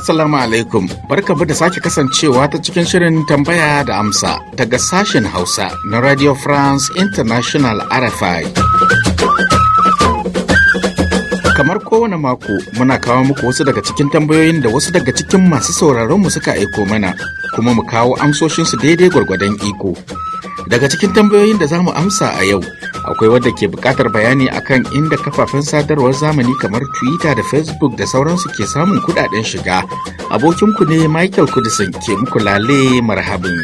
assalamu alaikum barkamu da sake kasancewa ta cikin shirin tambaya da amsa daga sashen hausa na radio france international rfi kowane mako muna kawo muku wasu daga cikin tambayoyin da wasu daga cikin masu sauraronmu suka aiko mana kuma mu kawo amsoshinsu daidai gwargwadon iko. Daga cikin tambayoyin da za mu amsa a yau akwai wadda ke buƙatar bayani akan inda kafafen sadarwar zamani kamar Twitter da Facebook da sauransu ke samun kuɗaɗen shiga. Abokinku ne Michael Kudisin ke muku lale marhabin.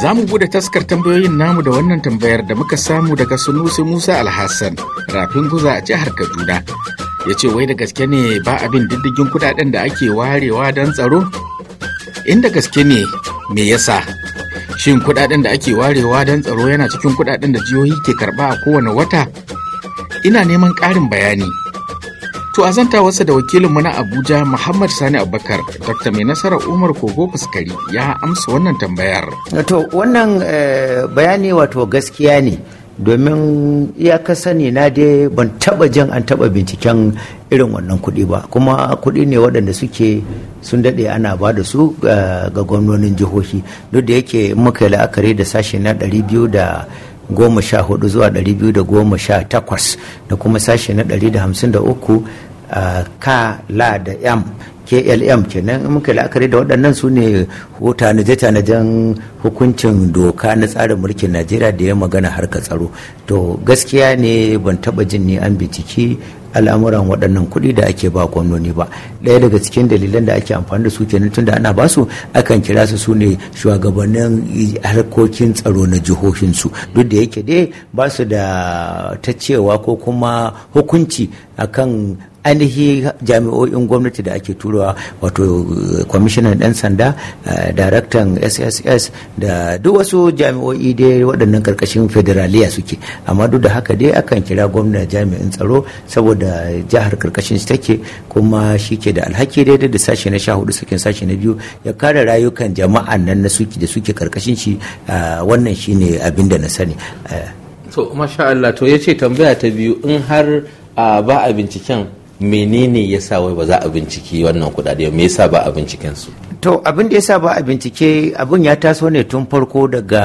Za mu bude taskar tambayoyin namu da wannan tambayar da muka samu daga Sunusi Musa Alhassan, rafin guza a jihar Kaduna. Ya ce wai da gaske ne ba abin diddigin kudaden da ake warewa don tsaro? Inda gaske ne me yasa? Shin kudaden da ake warewa don tsaro yana cikin kudaden da jihohi ke karba a kowane wata? Ina neman ƙarin bayani. To a wasa da wakilin na Abuja Muhammad Sani Abubakar, Dr. Mai Nasarar Umar Kogo Fuskari ya amsa wannan tambayar. To wannan eh, bayani wato gaskiya ne. domin ya sani na dai ban taba jin an taba binciken irin wannan kuɗi ba kuma kuɗi ne waɗanda suke sun daɗe ana ba da su eh, ga gwamnonin jihohi duk da yake muka la'akari da sashe na hudu zuwa biyu da kuma sashe na uku ka la da m klm kenan in muka la'akari da waɗannan su ne tanaje-tanajen hukuncin doka na tsarin mulkin najeriya da ya magana harka tsaro to gaskiya ne ban taba jin ne an binciki al'amuran waɗannan kuɗi da ake ba gwamnoni ba ɗaya daga cikin dalilan da ake amfani da su kenan tunda ana ba su akan kira su su ne shugabannin harkokin tsaro na jihohinsu duk da yake dai ba su da ta cewa ko kuma hukunci akan ainihi jami'o'in gwamnati da ake turawa wato eh, kwamishinan ɗan sanda eh, daraktan sss da duk wasu jami'o'i dai waɗannan karkashin federaliya suke amma duk da haka dai akan kira gwamna jami'in tsaro saboda jihar karkashin shi take kuma shi ke da alhaki daidai da sashe na sha hudu sakin sashe na biyu ya kare rayukan jama'a nan na suke da suke karkashin shi eh, wannan shine abin da na sani to masha Allah to yace tambaya ta biyu in har ah, ba a binciken menene ya sa wai ba za a binciki wannan kudade me yasa ba a binciken su to abin da yasa ba a bincike abin ya taso ne tun farko daga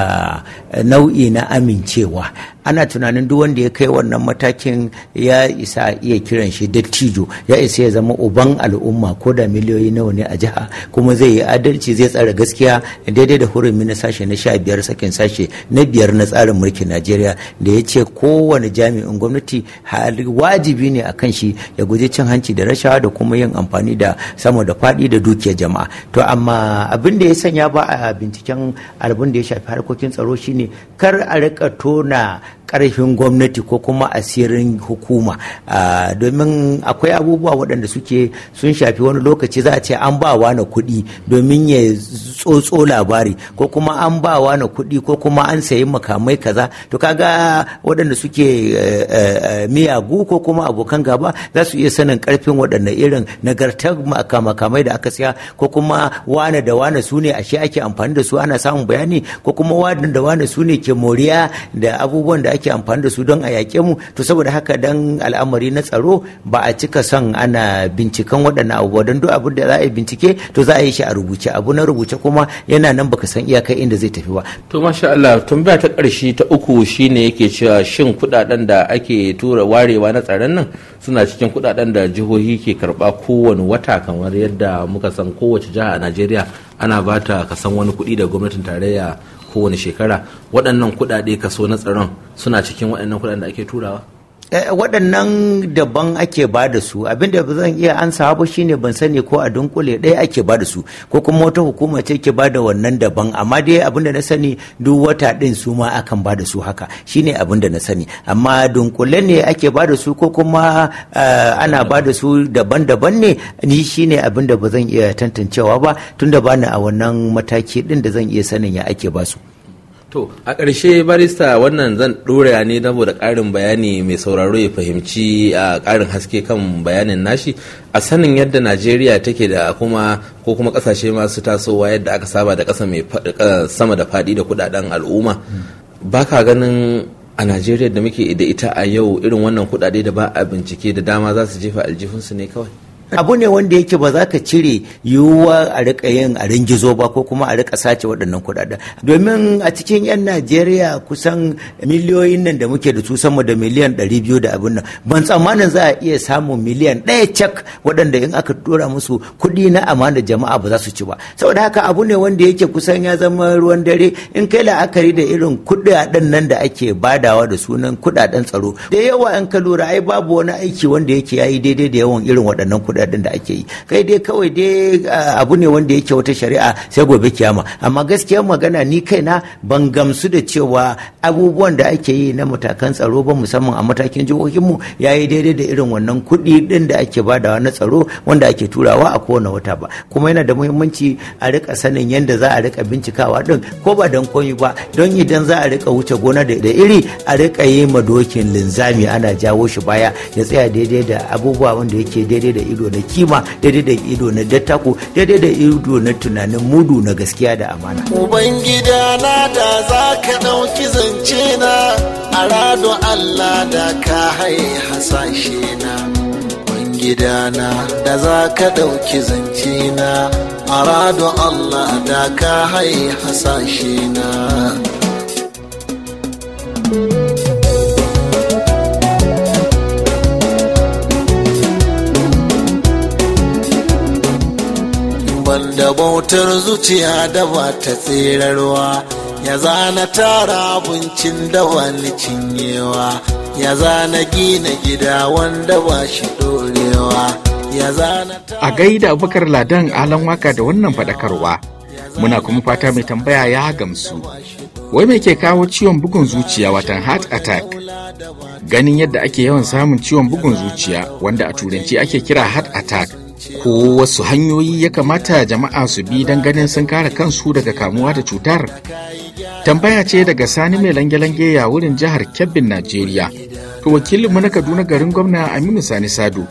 eh, nau'i na amincewa ana tunanin duk wanda ya kai wannan matakin ya isa iya kiran shi dattijo ya isa ya zama uban al'umma ko da miliyoyi nawa ne a jiha kuma zai yi adalci zai tsara gaskiya daidai da hurumi na sashe na sha biyar sakin sashe na biyar na tsarin mulkin najeriya da ya ce kowane jami'in gwamnati Hali wajibi ne a kan shi ya guji cin hanci da rashawa da kuma yin amfani da sama da faɗi da dukiyar jama'a to amma abin da ya sanya ba a binciken abin da ya shafi harkokin tsaro shine kar a rika tona karfin gwamnati ko kuma asirin hukuma ah, domin akwai abubuwa waɗanda suke sun shafi wani lokaci za a ce an ba na kuɗi domin ya tsotso labari ko kuma an ba wani kuɗi ko kuma an sayi makamai kaza to kaga waɗanda suke eh, eh, miyagu ko kuma abokan gaba za su iya sanin karfin waɗanda irin nagartar makamai da aka siya ko kuma wane da wane su ne ashe ake amfani da su ana samun bayani ko kuma wane da wane su ne ke moriya da abubuwan da ake amfani da su don a yaƙe mu to saboda haka dan al'amari na tsaro ba a cika son ana binciken waɗannan abubuwa don duk abin da za a yi bincike to za a yi shi a rubuce abu na rubuce kuma yana nan baka san iyakai inda zai tafi ba to masha Allah tambaya ta ƙarshe ta uku shine yake cewa shin kuɗaɗen da ake tura warewa na tsaron nan suna cikin kudaden da jihohi ke karba kowane wata kamar yadda muka san kowace jiha a najeriya ana bata ta kasan wani kuɗi da gwamnatin tarayya kowane shekara waɗannan kuɗaɗe kaso na tsaron suna cikin waɗannan kuɗaɗen da ake turawa Eh, waɗannan daban ake ba da su abinda ba zan iya ansa ba shine ban sani ko a dunkule ɗaya ake ba da su ko kuma wata hukuma ce ke ba da wannan daban amma dai abinda na sani duk wata ɗin su ma akan ba da su haka shine abinda na sani amma dunkule ne ake ba da su ko kuma eh, ana ba da su daban-daban ne ni shine abinda ba zan iya tantancewa ba tunda bani a wannan mataki ɗin da zan iya sanin ya ake ba su. To a ƙarshe barista wannan zan ɗora ne saboda ƙarin bayani mai sauraro ya fahimci a ƙarin haske kan bayanin nashi a sanin yadda Najeriya take da kuma ko kuma ƙasashe masu tasowa yadda aka saba da ƙasa mai sama da faɗi da kuɗaɗen al'umma. Ba ka ganin a Najeriya da muke da ita a yau irin wannan kuɗaɗe da ba a bincike da dama za su jefa aljihunsu ne kawai. abu ne wanda yake ba za ka cire yiwuwa a rika yin a ringizo ba ko kuma a rika sace waɗannan kuɗaɗen domin a cikin 'yan najeriya kusan miliyoyin nan da muke da su sama da miliyan 200 da abin nan ban tsammanin za a iya samun miliyan ɗaya cak waɗanda in aka dora musu kuɗi na amana jama'a ba za su ci ba saboda haka abu ne wanda yake kusan ya zama ruwan dare in kai la'akari da irin kuɗaɗen nan da ake badawa da sunan kuɗaɗen tsaro da yawa in ka lura ai babu wani aiki wanda yake yi daidai da yawan irin waɗannan kuɗaɗen kudaden da ake yi kai dai kawai dai ah, abu ne wanda yake wata shari'a sai gobe kiyama amma gaskiya magana ni kaina ban gamsu da cewa abubuwan da ake yi na matakan tsaro ba musamman a matakin mu ya yi daidai da irin wannan kudi ɗin da ake badawa na tsaro wanda ake turawa a kowane wata ba kuma yana da muhimmanci a rika sanin yadda za a rika bincikawa ɗin ko ba don koyi ba don idan za a rika wuce gona da iri a rika yi ma dokin linzami ana jawo shi baya ya tsaya daidai da abubuwa wanda yake daidai da ido ido na kima daidai da ido na dattako daidai da ido na tunanin mudu na gaskiya da amana ubangida na da za ka ɗauki zance na a rado allah da ka haye hasashe na na da za ka ɗauki zance na a rado allah da ka haye hasashe na da bautar zuciya da ba ta tserarwa ya zana tara abincin da ba ni cinyewa ya zana gina gida wanda ba shi dorewa ya zana a gaida abokar ladan alan waka da wannan faɗakarwa muna kuma fata mai tambaya ya gamsu wai mai ke kawo ciwon bugun zuciya watan heart attack ganin yadda ake yawan samun ciwon bugun zuciya wanda a turanci ake kira heart attack ko wasu hanyoyi ya kamata jama'a su bi don ganin sun kare kansu daga kamuwa da cutar tambaya ce daga sani mai lange-lange ya wurin jihar kebbin najeriya to wakilinmu na kaduna garin gwamna aminu sani Sadu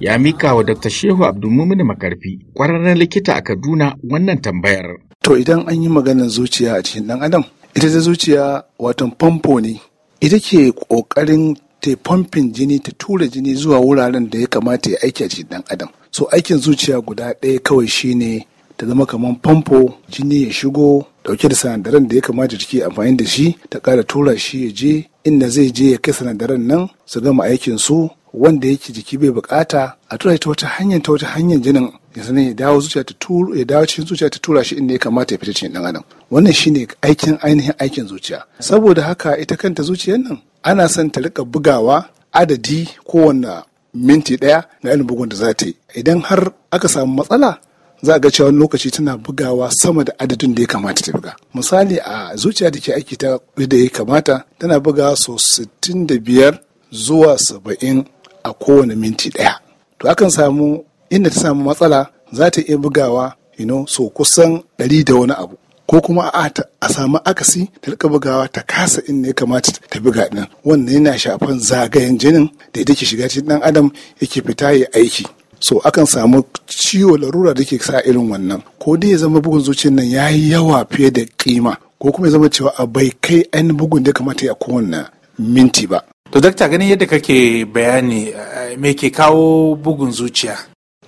ya mika wa dr shehu abdulmumin makarfi kwararren likita a kaduna wannan tambayar to idan an yi maganar zuciya a cikin dan adam ita zuciya watan famfo ne ita ke ƙoƙarin ta fomfin jini ta tura jini zuwa wuraren da ya kamata ya aiki a cikin dan adam so aikin zuciya guda ɗaya kawai shine ta zama kamar famfo jini ya shigo dauke da sanadaran da ya kamata jiki amfani da shi ta ƙara tura shi ya je inda zai je ya kai sanadaran nan su gama aikin su wanda yake jiki bai bukata a tura ta wata hanyar ta wata hanyar jinin ya sanar ya dawo zuciya ta tura ya dawo cikin zuciya ta tura shi inda ya kamata ya fita cikin dan adam wannan shine aikin ainihin aikin zuciya saboda haka ita kanta zuciyar nan ana son ta rika bugawa adadi kowanne minti ɗaya na irin bugun da za ta yi idan har aka samu matsala za a ga cewa lokaci tana bugawa sama da adadin da ya kamata ta buga misali a zuciya da ke aiki ta da ya kamata tana buga so 65 zuwa 70 a kowane minti ɗaya to akan samu inda ta samu matsala za ta iya bugawa you know, so kusan ɗari da wani abu ko kuma a samu akasi ta rika bugawa ta kasa inda ya kamata ta buga din wannan yana shafan zagayen jinin da yake shiga cikin dan adam yake fita ya aiki so akan samu ciwo larura da ke sa irin wannan ko dai ya zama bugun zuciyar nan ya yi yawa fiye da kima ko kuma ya zama cewa a bai kai ainihin bugun da kamata ya kowanne minti ba to dakta ganin yadda kake bayani eh, me ke kawo bugun zuciya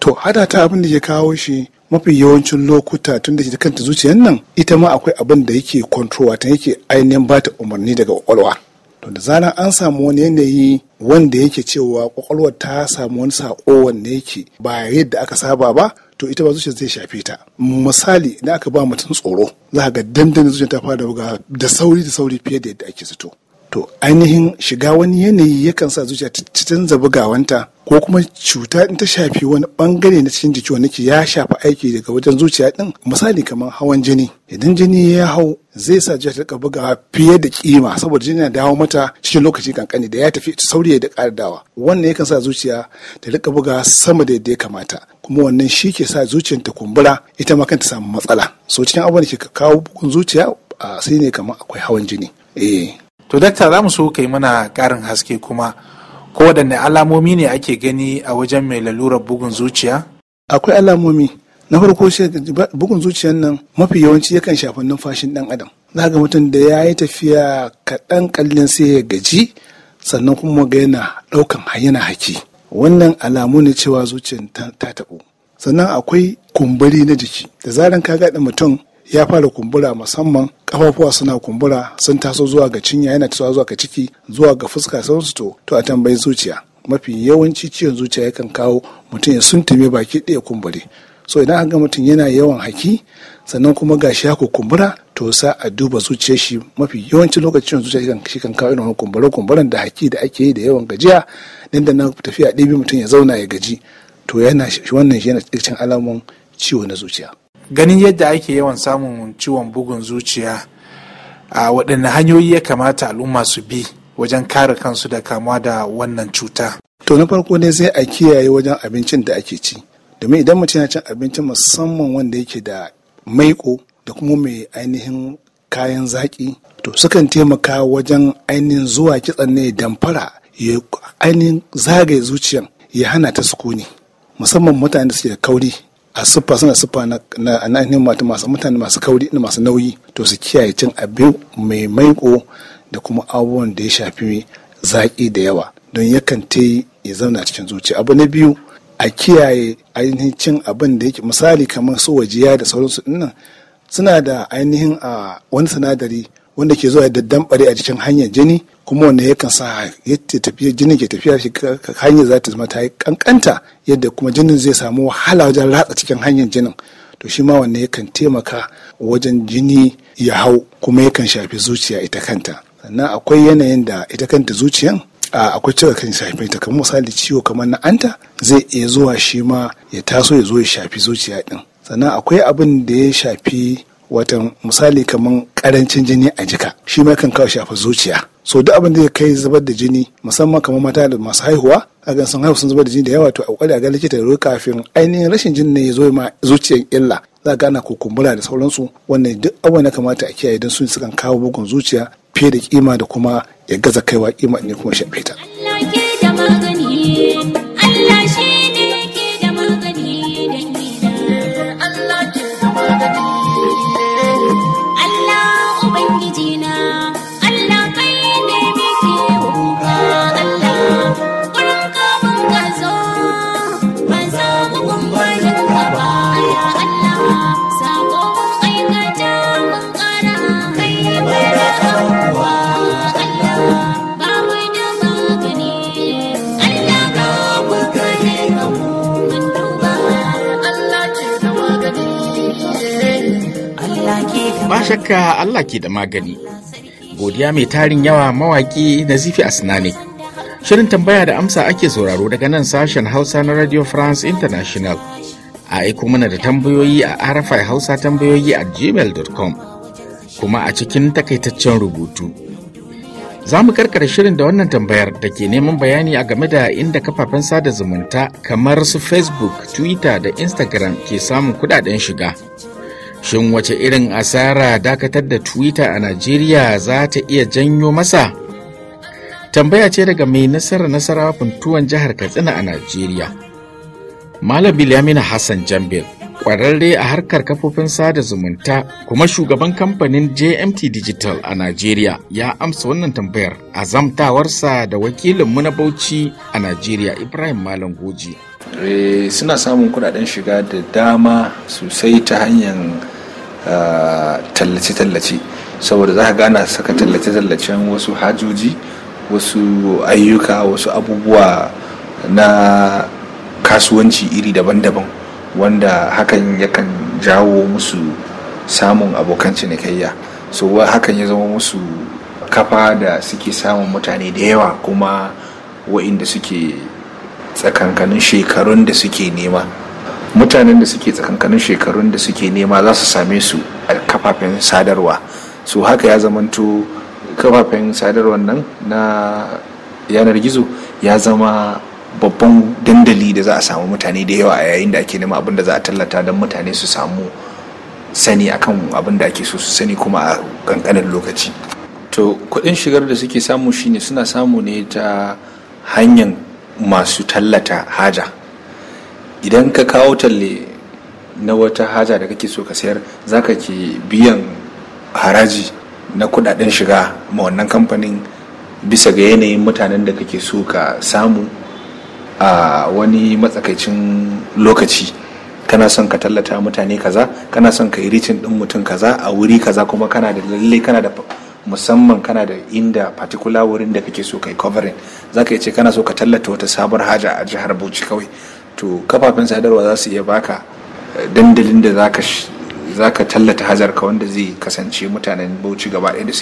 to hada ta abin da ke kawo shi mafi yawancin lokuta tun da kanta zuciyar nan ita ma akwai abin da yake kontrowa ta yake ainihin ba ta umarni daga kwakwalwa to da zaran an samu wani yanayi wanda yake cewa kwakwalwar ta samu wani sako wanda yake ba yadda aka saba ba to ita ba zuciyar zai shafe ta misali idan aka ba mutum tsoro za ga dandanin zuciyar ta fara da sauri da sauri fiye da yadda ake zato to ainihin shiga wani yanayi yakan sa zuciya ta canza bugawanta ko kuma cuta in ta shafi wani bangare na cikin jiki wanda ya shafi aiki daga wajen zuciya din misali kamar hawan jini idan jini ya hau zai sa zuciya ta rika bugawa fiye da kima saboda jini na dawo mata cikin lokaci kankani da ya tafi sauri da ƙara dawa wannan yakan sa zuciya ta rika bugawa sama da yadda ya kamata kuma wannan shi ke sa zuciyar ta kumbura ita ma kanta samu matsala so cikin abubuwan da ke kawo bugun zuciya sai ne kamar akwai hawan jini eh. to dakta za mu so kai mana karin haske kuma ko waɗanne alamomi ne ake gani a wajen mai lalurar bugun zuciya akwai alamomi na farko shi bugun zuciyan nan mafi yawanci yakan shafi numfashin ɗan adam za ga mutum da ya yi tafiya kaɗan kallon sai ya gaji sannan kuma ga yana ɗaukan yana haki wannan alamu ne cewa zuciyan ta taɓo sannan akwai kumburi na jiki da zaran ka gaɗa mutum ya fara kumbura musamman kafafuwa suna kumbura sun taso zuwa ga cinya yana tasowa zuwa ga ciki zuwa ga fuska sun to to a tambayi zuciya mafi yawanci ciwon zuciya yakan kawo mutum ya suntume baki ɗaya kumbure so idan ga mutum yana yawan haki sannan kuma ga shi haka kumbura to sa a duba zuciyar shi mafi yawancin lokacin zuciya shi kan kawo irin kumbura kumburan da haki da ake yi da yawan gajiya din da na tafiya ɗibi mutum ya zauna ya gaji to yana wannan shi yana cikin alamun ciwo na zuciya ganin yadda ake yawan samun ciwon bugun zuciya a waɗanne hanyoyi ya kamata al'umma su bi wajen kare kansu da kamuwa da wannan cuta to na farko ne sai a kiyaye wajen abincin da ake ci domin idan mutum yana cin abinci musamman wanda yake da maiko da kuma mai ainihin kayan zaƙi to sukan taimaka wajen ainihin zuwa kitsan ne damfara ya ainihin zagaye zuciyan ya hana ta sukuni musamman mutane da suke da kauri a siffa suna siffa na ainihin mata masu mutane masu kauri da masu nauyi to su kiyaye cin abin mai maiko da kuma abubuwan da ya shafi zaƙi da yawa don yakan ta yi ya zauna cikin zuciya abu na biyu a kiyaye ainihin cin abin da yake misali kamar su wajiya da sauransu dinnan suna da ainihin a wani sinadari wanda ke zuwa da damɓare a cikin hanyar jini kuma wanda yakan sa yadda tafiya jinin ke tafiya hanyar za ta zama ta yi kankanta yadda kuma jinin zai samu wahala wajen ratsa cikin hanyar jinin to shi ma wanne yakan taimaka wajen jini ya hau kuma yakan shafi zuciya ita kanta sannan akwai yanayin da ita kanta zuciyan akwai cewa kan shafi ta kamar misali ciwo kamar na anta zai iya zuwa shi ma ya taso ya zo ya shafi zuciya din sannan akwai abin da ya shafi wata misali kamar karancin jini a jika shi ma kan kawo shafa zuciya so duk abin da ya kai zubar da jini musamman kamar mata da masu haihuwa a gan sun haihu sun zubar da jini da yawa to a kokari a ga likita da kafin ainihin rashin jini ne ya zo ma zuciyan illa za gana ko kumbura da sauransu wannan duk abubuwan ya kamata a kiyaye don su kan kawo bugun zuciya fiye da kima da kuma ya gaza kaiwa kima ne kuma shafe ta. shakka Allah ke da magani. Godiya mai tarin yawa mawaƙi Nazifi Asnani. Shirin tambaya da amsa ake sauraro daga nan sashen Hausa na Radio France International. A aiko mana da tambayoyi a arafai Hausa tambayoyi a gmail.com kuma a cikin takaitaccen rubutu. Za mu karkar shirin da wannan tambayar da ke neman bayani a game da inda kafafen sada zumunta kamar su Facebook, Twitter da Instagram ke samun kudaden shiga. Shin wace irin asara dakatar da Twitter a Najeriya za ta iya janyo masa? Tambaya ce daga mai nasara nasarawa funtuwan jihar Katsina a Najeriya. Malam Bilyamina Hassan Jambil, ƙwararre a harkar kafofin sada zumunta kuma shugaban kamfanin JMT Digital a Najeriya ya amsa wannan tambayar a zamtawarsa da wakilinmu na Bauchi a Najeriya Ibrahim Malam Goji. Eh, suna samun kudaden shiga da dama sosai ta hanyar tallace-tallace saboda za ka gana saka tallace-tallacen wasu hajoji wasu ayyuka wasu abubuwa na kasuwanci iri daban-daban wanda hakan yakan jawo musu samun abokan cinikayya so hakan ya zama musu kafa da suke samun mutane da yawa kuma wa'inda suke tsakankanin shekarun da suke nema mutanen da suke tsakankanin shekarun da suke nema za su same su a kafafen sadarwa su haka ya zamanto kafafen sadarwar nan na yanar gizo ya zama babban dandali da za a samu mutane da yawa a yayin da ake nema abin da za a tallata don mutane su samu sani akan abin da ake so su sani kuma a kankanin lokaci to kuɗin shigar da suke samu shine suna samu ne ta hanyar masu tallata haja idan ka kawo talle na wata haja da kake so ka sayar za ka ke biyan haraji na kudaden shiga ma wannan kamfanin bisa ga yanayin mutanen da kake so ka samu a wani matsakaicin lokaci kana son ka tallata mutane kaza kana son ka yi ricin din mutum kaza a wuri kaza kuma kana da lalle kana da musamman kana da inda particular wurin da kake so ka yi covering zaka ce kana so ka tallata wata sabuwar haja a jihar Bauchi kawai to kafafen sadarwa za su iya baka eh, dandalin da za ka tallata hazarka wanda zai kasance mutanen bauchi gaba ɗaya da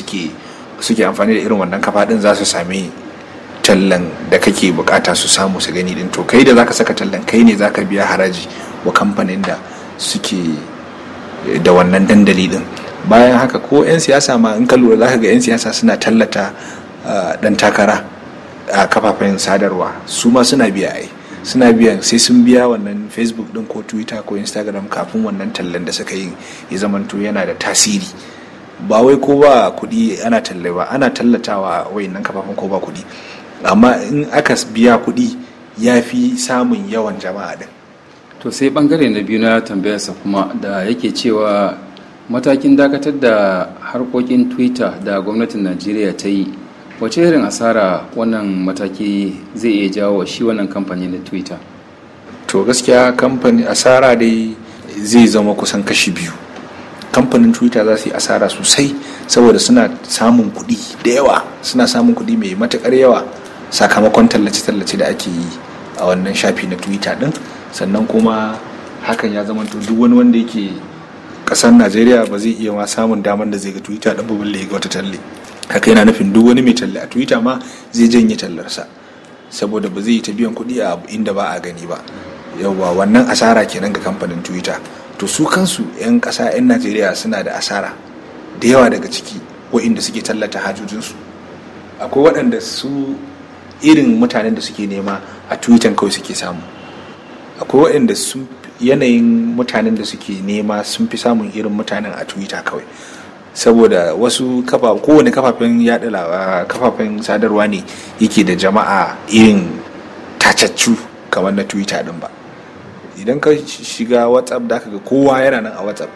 suke amfani da irin wannan kafa ɗin za su sami tallan da kake bukata su samu su gani din to kai da za ka saka tallan kai ne za ka biya haraji wa kamfanin da suke eh, da wannan dandali din bayan haka ko 'yan siyasa ma in ka lura ka ga 'yan siyasa suna tallata dan ah, takara a kafafen sadarwa su ma suna biya ai suna biyan sai sun biya wannan facebook din ko twitter ko instagram kafin wannan tallan da suka yi ya zamanto yana da tasiri ba wai ko ba kuɗi ana talle ba ana tallatawa nan kafafen ko ba kuɗi amma in aka biya kuɗi ya fi samun yawan jama'a din to sai bangare na biyu na tambayarsa kuma da yake cewa matakin dakatar da harkokin twitter da gwamnatin najeriya ta yi wace irin asara wannan mataki zai iya jawo shi wannan kamfani na twitter to gaskiya kamfani asara dai zai zama kusan kashi biyu kamfanin twitter za su yi asara sosai saboda suna samun kuɗi da yawa suna samun kuɗi mai matuƙar yawa sakamakon tallace-tallace da ake yi a wannan shafi na twitter din sannan kuma hakan ya zama duk wani wanda yake ƙasar najeriya ba zai iya ma samun damar da zai ga twitter ɗin ba balle ga wata talle haka yana nufin duk wani mai talla a twitter ma zai janye tallarsa saboda ba zai yi ta biyan kuɗi a inda ba a gani ba yawwa wannan asara kenan ga kamfanin twitter to su kansu 'yan ƙasa 'yan najeriya suna da asara da yawa daga ciki waɗanda suke tallata hajojinsu akwai waɗanda su irin mutanen da suke nema a twitter kawai suke samu akwai waɗanda su yanayin mutanen da suke nema sun fi samun irin mutanen a twitter kawai saboda wasu kafa kowane kafafen yada kafafen sadarwa ne yake da jama'a irin tacaccu kamar na twitter din ba idan ka shiga whatsapp da ga kowa yana nan a whatsapp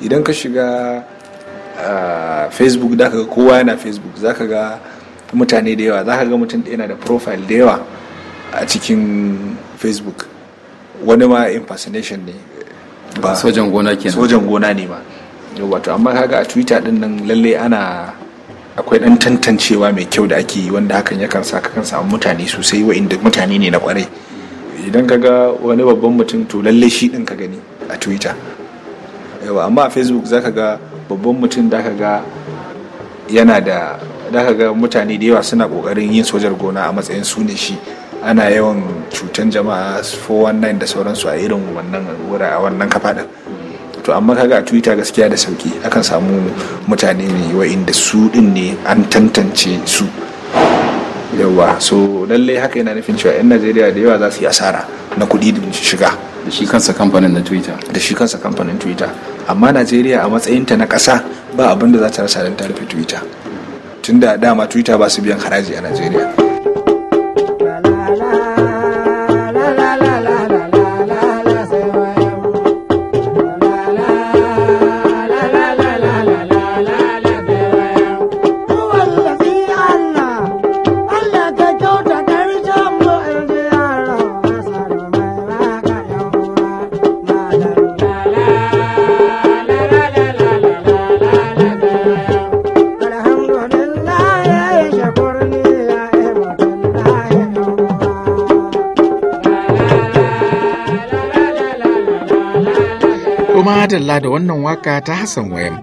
idan ka shiga facebook da ga kowa yana facebook za ka ga mutane da yawa za ka ga mutum yana da profile da yawa a cikin facebook wani ma impersonation ne ba sojan gona ne ma wato amma kaga a twitter din nan lalle ana akwai dan tantancewa mai kyau da ake yi wanda hakan yakan sa kan samu mutane sosai wa'inda mutane ne na kwarai idan kaga wani babban mutum to lalle shi din ka gani a twitter yawa amma a facebook za ka ga babban mutum da ga yana da da ga mutane da yawa suna kokarin yin sojar gona a matsayin su ne shi ana yawan cutan jama'a 419 da sauransu a irin wannan wura a wannan to amma kaga a twitter gaskiya da sauki akan samu mutane ne wa'inda su din ne an tantance su yawa so lallai haka yana nufin cewa 'yan najeriya da yawa za su yi asara na kudi da shiga da shi kansa kamfanin na twitter da shi kansa kamfanin twitter amma najeriya a matsayinta na kasa ba abin da za ta rasa don ta rufe twitter tunda dama twitter ba su biyan haraji a najeriya Allah da wannan waka ta Hassan Wayam.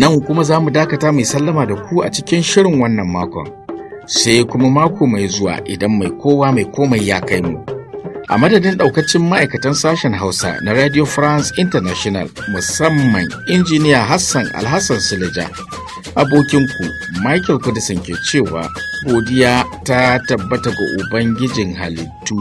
Nan kuma za mu dakata mai sallama da ku a cikin shirin wannan makon. Sai kuma mako mai zuwa idan mai kowa mai komai ya kai mu. A madadin ɗaukacin ma'aikatan sashen Hausa na Radio France International musamman injiniya Hassan Alhassan Silija. Abokinku Michael Kudisin ke cewa godiya ta tabbata ga Ubangijin halittu.